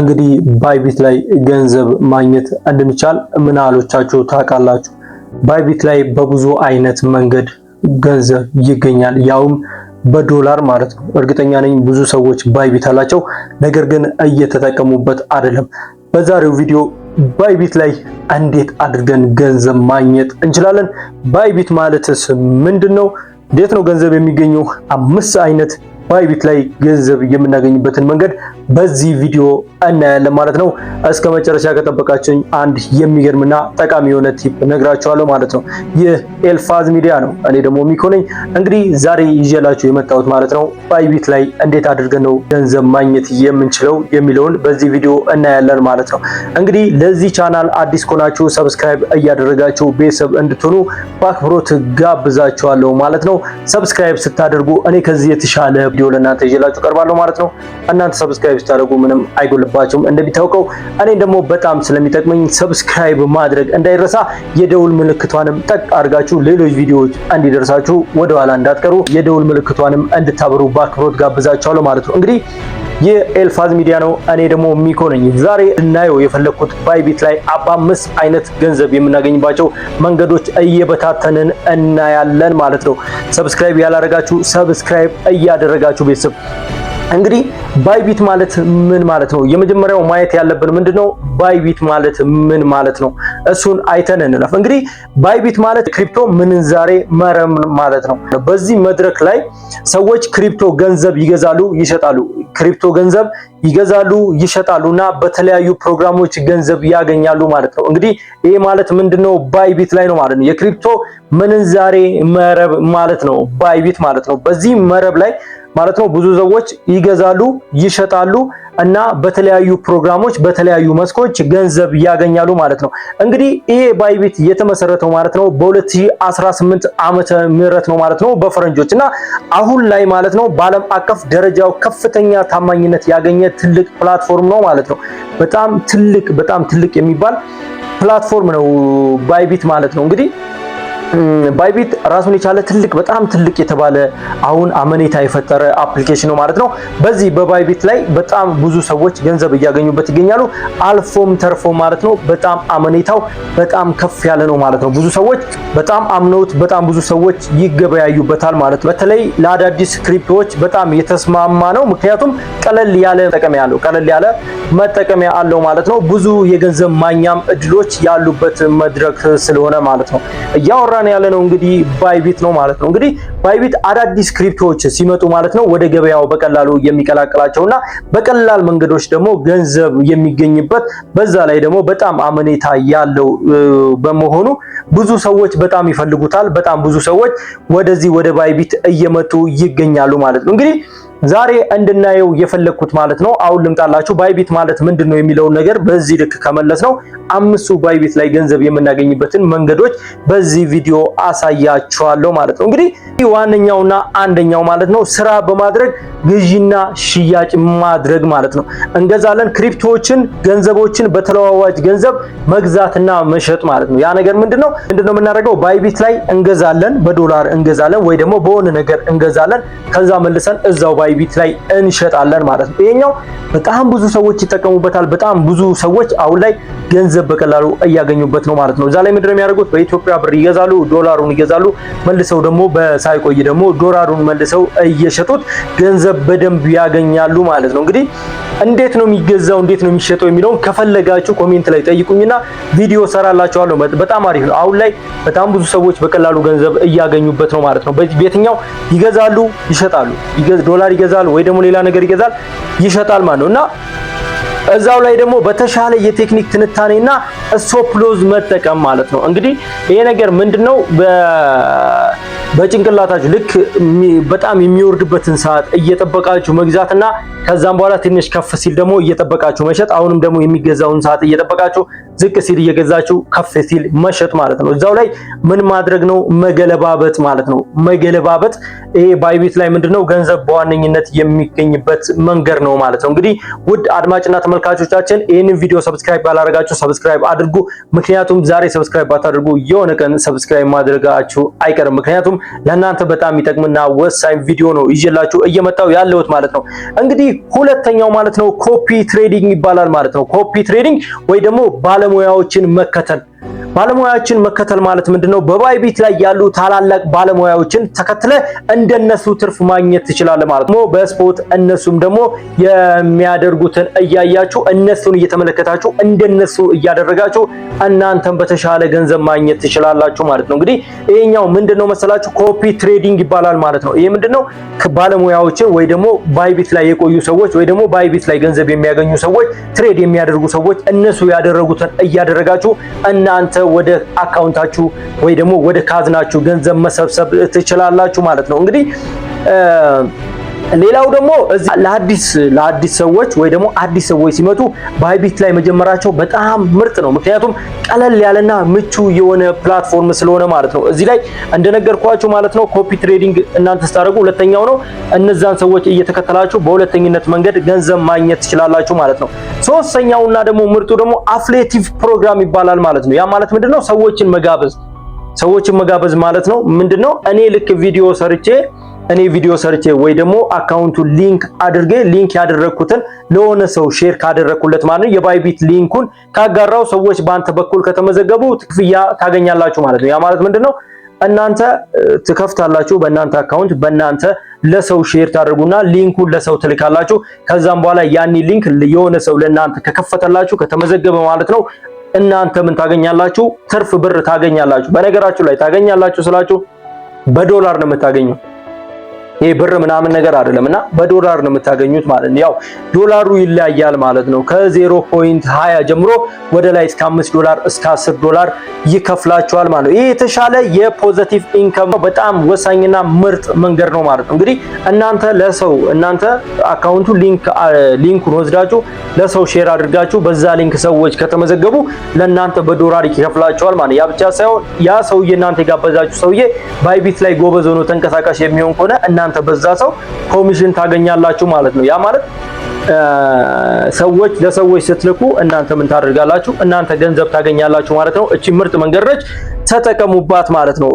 እንግዲህ ባይቢት ላይ ገንዘብ ማግኘት እንደሚቻል ምን አሎቻችሁ ታውቃላችሁ? ባይቢት ላይ በብዙ አይነት መንገድ ገንዘብ ይገኛል፣ ያውም በዶላር ማለት ነው። እርግጠኛ ነኝ ብዙ ሰዎች ባይቢት አላቸው፣ ነገር ግን እየተጠቀሙበት አይደለም። በዛሬው ቪዲዮ ባይቢት ላይ እንዴት አድርገን ገንዘብ ማግኘት እንችላለን፣ ባይቢት ማለትስ ምንድን ነው፣ እንዴት ነው ገንዘብ የሚገኘው፣ አምስት አይነት ባይቢት ላይ ገንዘብ የምናገኝበትን መንገድ በዚህ ቪዲዮ እናያለን ማለት ነው። እስከ መጨረሻ ከጠበቃችን አንድ የሚገርምና ጠቃሚ የሆነ ቲፕ ነግራችኋለሁ ማለት ነው። ይህ ኤልፋዝ ሚዲያ ነው። እኔ ደግሞ ሚኮ ነኝ። እንግዲህ ዛሬ ይዤላችሁ የመጣሁት ማለት ነው ባይቢት ላይ እንዴት አድርገን ነው ገንዘብ ማግኘት የምንችለው የሚለውን በዚህ ቪዲዮ እናያለን ማለት ነው። እንግዲህ ለዚህ ቻናል አዲስ ከሆናችሁ ሰብስክራይብ እያደረጋችሁ ቤተሰብ እንድትሆኑ በአክብሮት ጋብዛችኋለሁ ማለት ነው። ሰብስክራይብ ስታደርጉ እኔ ከዚህ የተሻለ ቪዲዮ ለእናንተ ይዤላችሁ ቀርባለሁ ማለት ነው። እናንተ ሰብስክራይብ ሰብስክራይብ ስታደርጉ ምንም አይጎልባቸውም እንደሚታወቀው እኔ ደግሞ በጣም ስለሚጠቅመኝ ሰብስክራይብ ማድረግ እንዳይረሳ፣ የደውል ምልክቷንም ጠቅ አድርጋችሁ ሌሎች ቪዲዮዎች እንዲደርሳችሁ ወደኋላ እንዳትቀሩ የደውል ምልክቷንም እንድታበሩ በአክብሮት ጋብዛችኋለሁ ማለት ነው እንግዲህ የኤልፋዝ ሚዲያ ነው። እኔ ደግሞ ሚኮ ነኝ። ዛሬ እናየው የፈለግኩት ባይቢት ላይ አባምስ አምስት አይነት ገንዘብ የምናገኝባቸው መንገዶች እየበታተንን እናያለን ማለት ነው። ሰብስክራይብ ያላረጋችሁ ሰብስክራይብ እያደረጋችሁ ቤተሰብ እንግዲህ ባይቢት ማለት ምን ማለት ነው? የመጀመሪያው ማየት ያለብን ምንድነው? ባይቢት ማለት ምን ማለት ነው? እሱን አይተን እንለፍ። እንግዲህ ባይቢት ማለት ክሪፕቶ ምንዛሬ መረብ ማለት ነው። በዚህ መድረክ ላይ ሰዎች ክሪፕቶ ገንዘብ ይገዛሉ፣ ይሸጣሉ፣ ክሪፕቶ ገንዘብ ይገዛሉ፣ ይሸጣሉ እና በተለያዩ ፕሮግራሞች ገንዘብ ያገኛሉ ማለት ነው። እንግዲህ ይሄ ማለት ምንድነው? ባይቢት ላይ ነው ማለት ነው። የክሪፕቶ ምንዛሬ መረብ ማለት ነው፣ ባይቢት ማለት ነው። በዚህ መረብ ላይ ማለት ነው ብዙ ሰዎች ይገዛሉ፣ ይሸጣሉ እና በተለያዩ ፕሮግራሞች በተለያዩ መስኮች ገንዘብ ያገኛሉ ማለት ነው። እንግዲህ ይሄ ባይቢት የተመሰረተው ማለት ነው በ2018 ዓመተ ምህረት ነው ማለት ነው በፈረንጆች እና አሁን ላይ ማለት ነው በዓለም አቀፍ ደረጃው ከፍተኛ ታማኝነት ያገኘ ትልቅ ፕላትፎርም ነው ማለት ነው። በጣም ትልቅ በጣም ትልቅ የሚባል ፕላትፎርም ነው ባይቢት ማለት ነው እንግዲህ ባይቢት ራሱን የቻለ ትልቅ በጣም ትልቅ የተባለ አሁን አመኔታ የፈጠረ አፕሊኬሽን ነው ማለት ነው። በዚህ በባይቢት ላይ በጣም ብዙ ሰዎች ገንዘብ እያገኙበት ይገኛሉ። አልፎም ተርፎ ማለት ነው በጣም አመኔታው በጣም ከፍ ያለ ነው ማለት ነው። ብዙ ሰዎች በጣም አምነውት በጣም ብዙ ሰዎች ይገበያዩበታል ማለት ነው። በተለይ ለአዳዲስ ክሪፕቶዎች በጣም የተስማማ ነው። ምክንያቱም ቀለል ያለ መጠቀሚያ አለው፣ ቀለል ያለ መጠቀሚያ አለው ማለት ነው። ብዙ የገንዘብ ማኛም እድሎች ያሉበት መድረክ ስለሆነ ማለት ነው እያወራ እየሰራን ያለ ነው እንግዲህ ባይቢት ነው ማለት ነው። እንግዲህ ባይቢት አዳዲስ ክሪፕቶዎች ሲመጡ ማለት ነው ወደ ገበያው በቀላሉ የሚቀላቀላቸውና በቀላል መንገዶች ደግሞ ገንዘብ የሚገኝበት በዛ ላይ ደግሞ በጣም አመኔታ ያለው በመሆኑ ብዙ ሰዎች በጣም ይፈልጉታል። በጣም ብዙ ሰዎች ወደዚህ ወደ ባይቢት እየመጡ ይገኛሉ ማለት ነው እንግዲህ ዛሬ እንድናየው የፈለግኩት ማለት ነው። አሁን ልምጣላችሁ ባይቢት ማለት ምንድን ነው የሚለውን ነገር በዚህ ልክ ከመለስ ነው አምስቱ ባይቢት ላይ ገንዘብ የምናገኝበትን መንገዶች በዚህ ቪዲዮ አሳያችኋለሁ ማለት ነው። እንግዲህ ዋነኛውና አንደኛው ማለት ነው ስራ በማድረግ ግዢና ሽያጭ ማድረግ ማለት ነው። እንገዛለን ክሪፕቶዎችን፣ ገንዘቦችን በተለዋዋጭ ገንዘብ መግዛትና መሸጥ ማለት ነው። ያ ነገር ምንድነው ምንድነው የምናደርገው ባይቢት ላይ እንገዛለን፣ በዶላር እንገዛለን ወይ ደግሞ በሆነ ነገር እንገዛለን ከዛ መልሰን እዛው ባይ ባይቢት ላይ እንሸጣለን ማለት ነው። ይሄኛው በጣም ብዙ ሰዎች ይጠቀሙበታል። በጣም ብዙ ሰዎች አሁን ላይ ገንዘብ በቀላሉ እያገኙበት ነው ማለት ነው። እዛ ላይ ምንድን ነው የሚያደርጉት? በኢትዮጵያ ብር ይገዛሉ፣ ዶላሩን ይገዛሉ። መልሰው ደግሞ በሳይቆይ ደግሞ ዶላሩን መልሰው እየሸጡት ገንዘብ በደንብ ያገኛሉ ማለት ነው። እንግዲህ እንዴት ነው የሚገዛው፣ እንዴት ነው የሚሸጠው የሚለውን ከፈለጋችሁ ኮሜንት ላይ ጠይቁኝና ቪዲዮ ሰራላችኋለሁ። በጣም አሪፍ ነው። አሁን ላይ በጣም ብዙ ሰዎች በቀላሉ ገንዘብ እያገኙበት ነው ማለት ነው። በየትኛው ይገዛሉ፣ ይሸጣሉ፣ ዶላር ይገዛል ወይ ደግሞ ሌላ ነገር ይገዛል ይሸጣል ማለት ነው እና እዛው ላይ ደግሞ በተሻለ የቴክኒክ ትንታኔና ስቶፕሎዝ መጠቀም ማለት ነው። እንግዲህ ይሄ ነገር ምንድነው በጭንቅላታችሁ ልክ በጣም የሚወርድበትን ሰዓት እየጠበቃችሁ መግዛትና ከዛም በኋላ ትንሽ ከፍ ሲል ደግሞ እየጠበቃችሁ መሸጥ፣ አሁንም ደግሞ የሚገዛውን ሰዓት እየጠበቃችሁ ዝቅ ሲል እየገዛችሁ ከፍ ሲል መሸጥ ማለት ነው። እዛው ላይ ምን ማድረግ ነው? መገለባበጥ ማለት ነው። መገለባበጥ ይሄ ባይቤት ላይ ምንድነው ገንዘብ በዋነኝነት የሚገኝበት መንገድ ነው ማለት ነው። እንግዲህ ውድ አድማጭና ተመልካቾቻችን ይህንን ቪዲዮ ሰብስክራይብ ባላደረጋችሁ ሰብስክራይብ አድርጉ። ምክንያቱም ዛሬ ሰብስክራይብ ባታደርጉ የሆነ ቀን ሰብስክራይብ ማድረጋችሁ አይቀርም። ምክንያቱም ለእናንተ በጣም ይጠቅምና ወሳኝ ቪዲዮ ነው ይዤላችሁ እየመጣው ያለሁት ማለት ነው። እንግዲህ ሁለተኛው ማለት ነው ኮፒ ትሬዲንግ ይባላል ማለት ነው። ኮፒ ትሬዲንግ ወይ ደግሞ ባለ ባለሙያዎችን መከተል ባለሙያዎችን መከተል ማለት ምንድነው? በባይቢት ላይ ያሉ ታላላቅ ባለሙያዎችን ተከትለ እንደነሱ ትርፍ ማግኘት ትችላለህ ማለት ነው። በስፖርት እነሱም ደግሞ የሚያደርጉትን እያያችሁ እነሱን እየተመለከታችሁ እንደነሱ እያደረጋችሁ እናንተም በተሻለ ገንዘብ ማግኘት ትችላላችሁ ማለት ነው። እንግዲህ ይሄኛው ምንድነው መሰላችሁ? ኮፒ ትሬዲንግ ይባላል ማለት ነው። ይሄ ምንድነው? ባለሙያዎችን ወይ ደግሞ ባይቢት ላይ የቆዩ ሰዎች ወይ ደግሞ ባይቢት ላይ ገንዘብ የሚያገኙ ሰዎች፣ ትሬድ የሚያደርጉ ሰዎች እነሱ ያደረጉትን እያደረጋችሁ እናንተ ወደ አካውንታችሁ ወይ ደግሞ ወደ ካዝናችሁ ገንዘብ መሰብሰብ ትችላላችሁ ማለት ነው እንግዲህ ሌላው ደግሞ ለአዲስ ለአዲስ ሰዎች ወይ ደግሞ አዲስ ሰዎች ሲመጡ ባይቢት ላይ መጀመራቸው በጣም ምርጥ ነው። ምክንያቱም ቀለል ያለና ምቹ የሆነ ፕላትፎርም ስለሆነ ማለት ነው። እዚህ ላይ እንደነገርኳችሁ ማለት ነው ኮፒ ትሬዲንግ እናንተ ስታደርጉ ሁለተኛው ነው እነዛን ሰዎች እየተከተላችሁ በሁለተኝነት መንገድ ገንዘብ ማግኘት ትችላላችሁ ማለት ነው። ሶስተኛውና ደግሞ ምርጡ ደግሞ አፍሌቲቭ ፕሮግራም ይባላል ማለት ነው። ያ ማለት ምንድነው? ሰዎችን መጋበዝ ሰዎችን መጋበዝ ማለት ነው። ምንድነው እኔ ልክ ቪዲዮ ሰርቼ እኔ ቪዲዮ ሰርቼ ወይ ደግሞ አካውንቱን ሊንክ አድርጌ ሊንክ ያደረግኩትን ለሆነ ሰው ሼር ካደረግኩለት ማለት ነው የባይቢት ሊንኩን ካጋራው ሰዎች በአንተ በኩል ከተመዘገቡ ክፍያ ታገኛላችሁ ማለት ነው። ያ ማለት ምንድነው? እናንተ ትከፍታላችሁ በእናንተ አካውንት በእናንተ ለሰው ሼር ታደርጉና ሊንኩን ለሰው ትልካላችሁ። ከዛም በኋላ ያኒ ሊንክ የሆነ ሰው ለእናንተ ከከፈተላችሁ ከተመዘገበ ማለት ነው እናንተ ምን ታገኛላችሁ? ትርፍ ብር ታገኛላችሁ። በነገራችሁ ላይ ታገኛላችሁ ስላችሁ በዶላር ነው የምታገኘው። ይሄ ብር ምናምን ነገር አይደለም እና በዶላር ነው የምታገኙት ማለት ነው። ያው ዶላሩ ይለያያል ማለት ነው። ከ0.20 ጀምሮ ወደ ላይ እስከ 5 ዶላር እስከ 10 ዶላር ይከፍላቸዋል ማለት ነው። ይህ የተሻለ የፖዘቲቭ ኢንከም በጣም ወሳኝና ምርጥ መንገድ ነው ማለት ነው። እንግዲህ እናንተ ለሰው እናንተ አካውንቱ ሊንክ ሊንኩን ወስዳችሁ ለሰው ሼር አድርጋችሁ በዛ ሊንክ ሰዎች ከተመዘገቡ ለእናንተ በዶላር ይከፍላቸዋል ማለት ነው። ያ ብቻ ሳይሆን ያ ሰውዬ እናንተ የጋበዛችሁ ሰውዬ ባይቢት ላይ ጎበዝ ሆኖ ተንቀሳቃሽ የሚሆን ከሆነ እናንተ እናንተ በዛ ሰው ኮሚሽን ታገኛላችሁ ማለት ነው። ያ ማለት ሰዎች ለሰዎች ስትልኩ እናንተ ምን ታደርጋላችሁ? እናንተ ገንዘብ ታገኛላችሁ ማለት ነው። እቺ ምርጥ መንገድ ነች፣ ተጠቀሙባት ማለት ነው።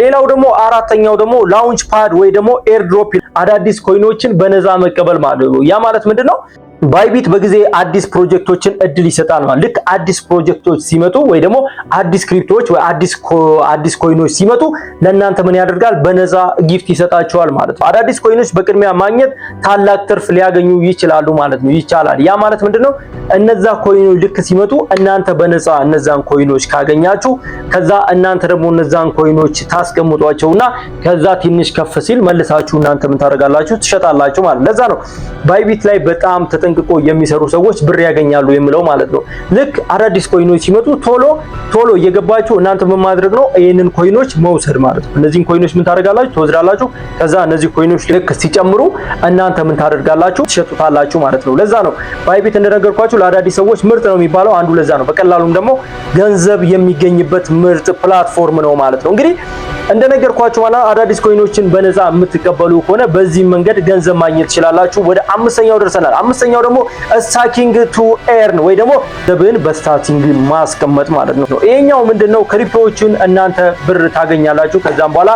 ሌላው ደግሞ አራተኛው ደግሞ ላውንች ፓድ ወይ ደግሞ ኤርድሮፕ አዳዲስ ኮይኖችን በነፃ መቀበል ማለት ነው። ያ ማለት ምንድነው? ባይቢት በጊዜ አዲስ ፕሮጀክቶችን እድል ይሰጣል ማለት ልክ አዲስ ፕሮጀክቶች ሲመጡ ወይ ደግሞ አዲስ ክሪፕቶዎች ወይ አዲስ አዲስ ኮይኖች ሲመጡ ለእናንተ ምን ያደርጋል? በነፃ ጊፍት ይሰጣቸዋል ማለት ነው። አዳዲስ ኮይኖች በቅድሚያ ማግኘት ታላቅ ትርፍ ሊያገኙ ይችላሉ ማለት ነው ይቻላል። ያ ማለት ምንድነው? እነዛ ኮይኖች ልክ ሲመጡ እናንተ በነፃ እነዛን ኮይኖች ካገኛችሁ ከዛ እናንተ ደግሞ እነዛን ኮይኖች ታስቀምጧቸውና ከዛ ትንሽ ከፍ ሲል መልሳችሁ እናንተ ምን ታደርጋላችሁ? ትሸጣላችሁ ማለት ለዛ ነው ባይቢት ላይ በጣም ተጠ ተጠንቅቆ የሚሰሩ ሰዎች ብር ያገኛሉ የሚለው ማለት ነው። ልክ አዳዲስ ኮይኖች ሲመጡ ቶሎ ቶሎ እየገባችሁ እናንተ ምን ማድረግ ነው ይህንን ኮይኖች መውሰድ ማለት ነው። እነዚህን ኮይኖች ምን ታደርጋላችሁ? ትወስዳላችሁ። ከዛ እነዚህ ኮይኖች ልክ ሲጨምሩ እናንተ ምን ታደርጋላችሁ? ትሸጡታላችሁ ማለት ነው። ለዛ ነው ባይቢት እንደነገርኳችሁ ለአዳዲስ ሰዎች ምርጥ ነው የሚባለው አንዱ ለዛ ነው። በቀላሉም ደግሞ ገንዘብ የሚገኝበት ምርጥ ፕላትፎርም ነው ማለት ነው። እንግዲህ እንደነገርኳችሁ ማለት አዳዲስ ኮይኖችን በነፃ የምትቀበሉ ከሆነ በዚህ መንገድ ገንዘብ ማግኘት ትችላላችሁ። ወደ አምስተኛው ደርሰናል። አምስተኛው ሌላው ደግሞ ስታኪንግ ቱ ኤርን ወይ ደግሞ ገንዘብን በስታኪንግ ማስቀመጥ ማለት ነው። ይሄኛው ምንድነው? ክሪፕቶዎችን እናንተ ብር ታገኛላችሁ። ከዛም በኋላ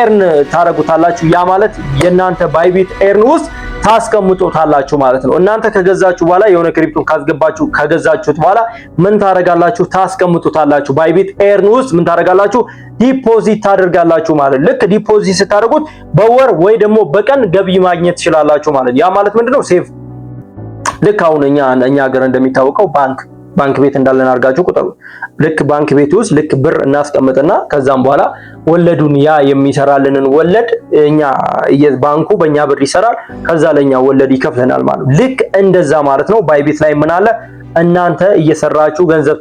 ኤርን ታረጉታላችሁ። ያ ማለት የእናንተ ባይቢት ኤርን ውስጥ ታስቀምጡታላችሁ ማለት ነው። እናንተ ከገዛችሁ በኋላ የሆነ ክሪፕቶ ካስገባችሁ ከገዛችሁት በኋላ ምን ታረጋላችሁ? ታስቀምጡታላችሁ። ባይቢት ኤርን ውስጥ ምን ታረጋላችሁ? ዲፖዚት ታደርጋላችሁ ማለት ልክ ዲፖዚት ስታደርጉት በወር ወይ ደግሞ በቀን ገቢ ማግኘት ትችላላችሁ ማለት ያ ማለት ምንድነው ሴፍ ልክ አሁን እኛ እኛ ሀገር እንደሚታወቀው ባንክ ባንክ ቤት እንዳለን አድርጋችሁ ቁጠሩ። ልክ ባንክ ቤት ውስጥ ልክ ብር እናስቀምጥና ከዛም በኋላ ወለዱን ያ የሚሰራልንን ወለድ እኛ ባንኩ በእኛ ብር ይሰራል፣ ከዛ ለእኛ ወለድ ይከፍለናል ማለት ነው። ልክ እንደዛ ማለት ነው። ባይቤት ላይ ምን አለ? እናንተ እየሰራችሁ ገንዘብ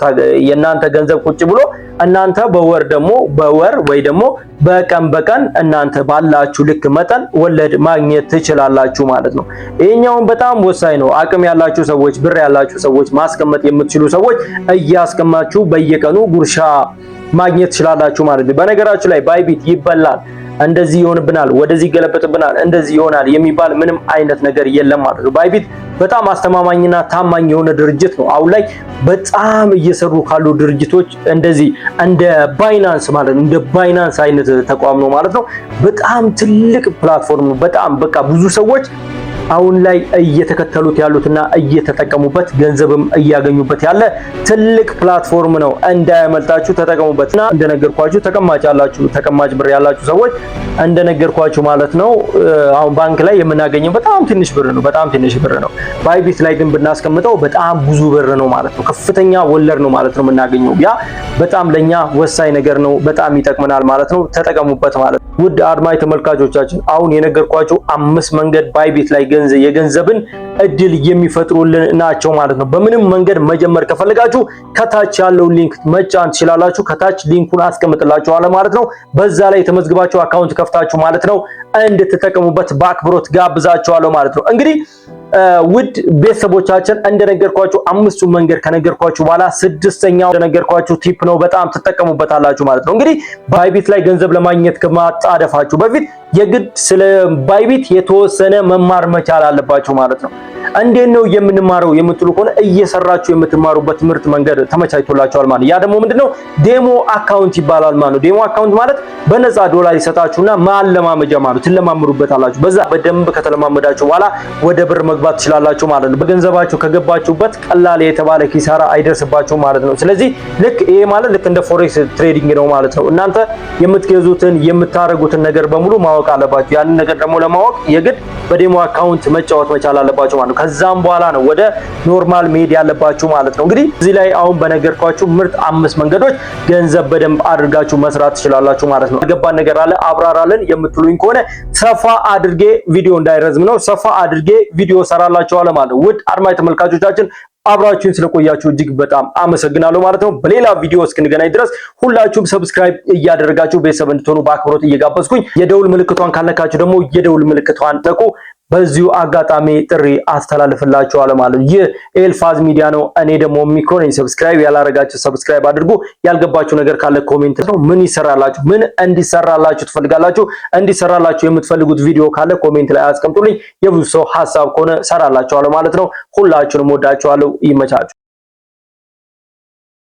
የእናንተ ገንዘብ ቁጭ ብሎ እናንተ በወር ደግሞ በወር ወይ ደግሞ በቀን በቀን እናንተ ባላችሁ ልክ መጠን ወለድ ማግኘት ትችላላችሁ ማለት ነው። ይሄኛውን በጣም ወሳኝ ነው። አቅም ያላችሁ ሰዎች፣ ብር ያላችሁ ሰዎች፣ ማስቀመጥ የምትችሉ ሰዎች እያስቀማችሁ በየቀኑ ጉርሻ ማግኘት ትችላላችሁ ማለት ነው። በነገራችሁ ላይ ባይቢት ይበላል፣ እንደዚህ ይሆንብናል፣ ወደዚህ ይገለበጥብናል፣ እንደዚህ ይሆናል የሚባል ምንም አይነት ነገር የለም ማለት ነው። ባይቢት በጣም አስተማማኝና ታማኝ የሆነ ድርጅት ነው። አሁን ላይ በጣም እየሰሩ ካሉ ድርጅቶች እንደዚህ እንደ ባይናንስ ማለት እንደ ባይናንስ አይነት ተቋም ነው ማለት ነው። በጣም ትልቅ ፕላትፎርም ነው። በጣም በቃ ብዙ ሰዎች አሁን ላይ እየተከተሉት ያሉትና እየተጠቀሙበት ገንዘብም እያገኙበት ያለ ትልቅ ፕላትፎርም ነው። እንዳያመልጣችሁ ተጠቀሙበትና እንደነገርኳችሁ ተቀማጭ ያላችሁ ተቀማጭ ብር ያላችሁ ሰዎች እንደነገርኳችሁ ማለት ነው። አሁን ባንክ ላይ የምናገኘው በጣም ትንሽ ብር ነው፣ በጣም ትንሽ ብር ነው። ባይቢት ላይ ግን ብናስቀምጠው በጣም ብዙ ብር ነው ማለት ነው። ከፍተኛ ወለድ ነው ማለት ነው የምናገኘው። ያ በጣም ለኛ ወሳኝ ነገር ነው፣ በጣም ይጠቅመናል ማለት ነው። ተጠቀሙበት ማለት ነው። ውድ አድማጭ ተመልካቾቻችን አሁን የነገርኳችሁ አምስት መንገድ ባይቢት ላይ የገንዘብን እድል የሚፈጥሩልን ናቸው ማለት ነው። በምንም መንገድ መጀመር ከፈለጋችሁ ከታች ያለውን ሊንክ መጫን ትችላላችሁ። ከታች ሊንኩን አስቀምጥላችኋለሁ ማለት ነው። በዛ ላይ የተመዝግባችሁ አካውንት ከፍታችሁ ማለት ነው እንድትጠቀሙበት በአክብሮት ጋብዛችኋለሁ ማለት ነው። እንግዲህ ውድ ቤተሰቦቻችን እንደነገርኳችሁ አምስቱ መንገድ ከነገርኳችሁ በኋላ ስድስተኛው እንደነገርኳችሁ ቲፕ ነው። በጣም ትጠቀሙበታላችሁ ማለት ነው። እንግዲህ ባይቢት ላይ ገንዘብ ለማግኘት ከማጣደፋችሁ በፊት የግድ ስለ ባይቢት የተወሰነ መማር መቻል አለባችሁ ማለት ነው። እንዴት ነው የምንማረው የምትሉ ከሆነ እየሰራችሁ የምትማሩበት ትምህርት መንገድ ተመቻችቶላችኋል ማለት ያ ደግሞ ምንድነው ዴሞ አካውንት ይባላል ማለት ነው። ዴሞ አካውንት ማለት በነፃ ዶላር ይሰጣችሁና ማለማመጃ ማለት ትለማምዱበት አላችሁ። በዛ በደንብ ከተለማመዳችሁ በኋላ ወደ ብር መግባት ትችላላችሁ ማለት ነው። በገንዘባችሁ ከገባችሁበት ቀላል የተባለ ኪሳራ አይደርስባችሁም ማለት ነው። ስለዚህ ልክ ይሄ ማለት ልክ እንደ ፎሬክስ ትሬዲንግ ነው ማለት ነው። እናንተ የምትገዙትን የምታደርጉትን ነገር በሙሉ ማወቅ አለባችሁ። ያንን ነገር ደግሞ ለማወቅ የግድ በዴሞ አካውንት መጫወት መቻል አለባችሁ ማለት ነው። ከዛም በኋላ ነው ወደ ኖርማል መሄድ ያለባችሁ ማለት ነው። እንግዲህ እዚህ ላይ አሁን በነገርኳችሁ ምርጥ አምስት መንገዶች ገንዘብ በደንብ አድርጋችሁ መስራት ትችላላችሁ ማለት ነው። ገባን ነገር አለ አብራራልን የምትሉኝ ከሆነ ሰፋ አድርጌ ቪዲዮ እንዳይረዝም ነው ሰፋ አድርጌ ቪዲዮ ሰራላችኋለሁ ማለት ነው። ውድ አድማጭ ተመልካቾቻችን አብራችሁን ስለቆያችሁ እጅግ በጣም አመሰግናለሁ ማለት ነው። በሌላ ቪዲዮ እስክንገናኝ ድረስ ሁላችሁም ሰብስክራይብ እያደረጋችሁ ቤተሰብ እንድትሆኑ በአክብሮት እየጋበዝኩኝ የደውል ምልክቷን ካልነካችሁ ደግሞ የደውል ምልክቷን ጠቁ። በዚሁ አጋጣሚ ጥሪ አስተላልፍላችኋለሁ ማለት ነው። ይህ ኤልፋዝ ሚዲያ ነው። እኔ ደግሞ የሚኮን ሰብስክራይብ ያላረጋችሁ ሰብስክራይብ አድርጉ። ያልገባችሁ ነገር ካለ ኮሜንት ነው። ምን ይሰራላችሁ፣ ምን እንዲሰራላችሁ ትፈልጋላችሁ? እንዲሰራላችሁ የምትፈልጉት ቪዲዮ ካለ ኮሜንት ላይ አስቀምጡልኝ። የብዙ ሰው ሀሳብ ከሆነ ሰራላችኋለሁ ማለት ነው። ሁላችሁንም ወዳችኋለሁ። ይመቻችሁ።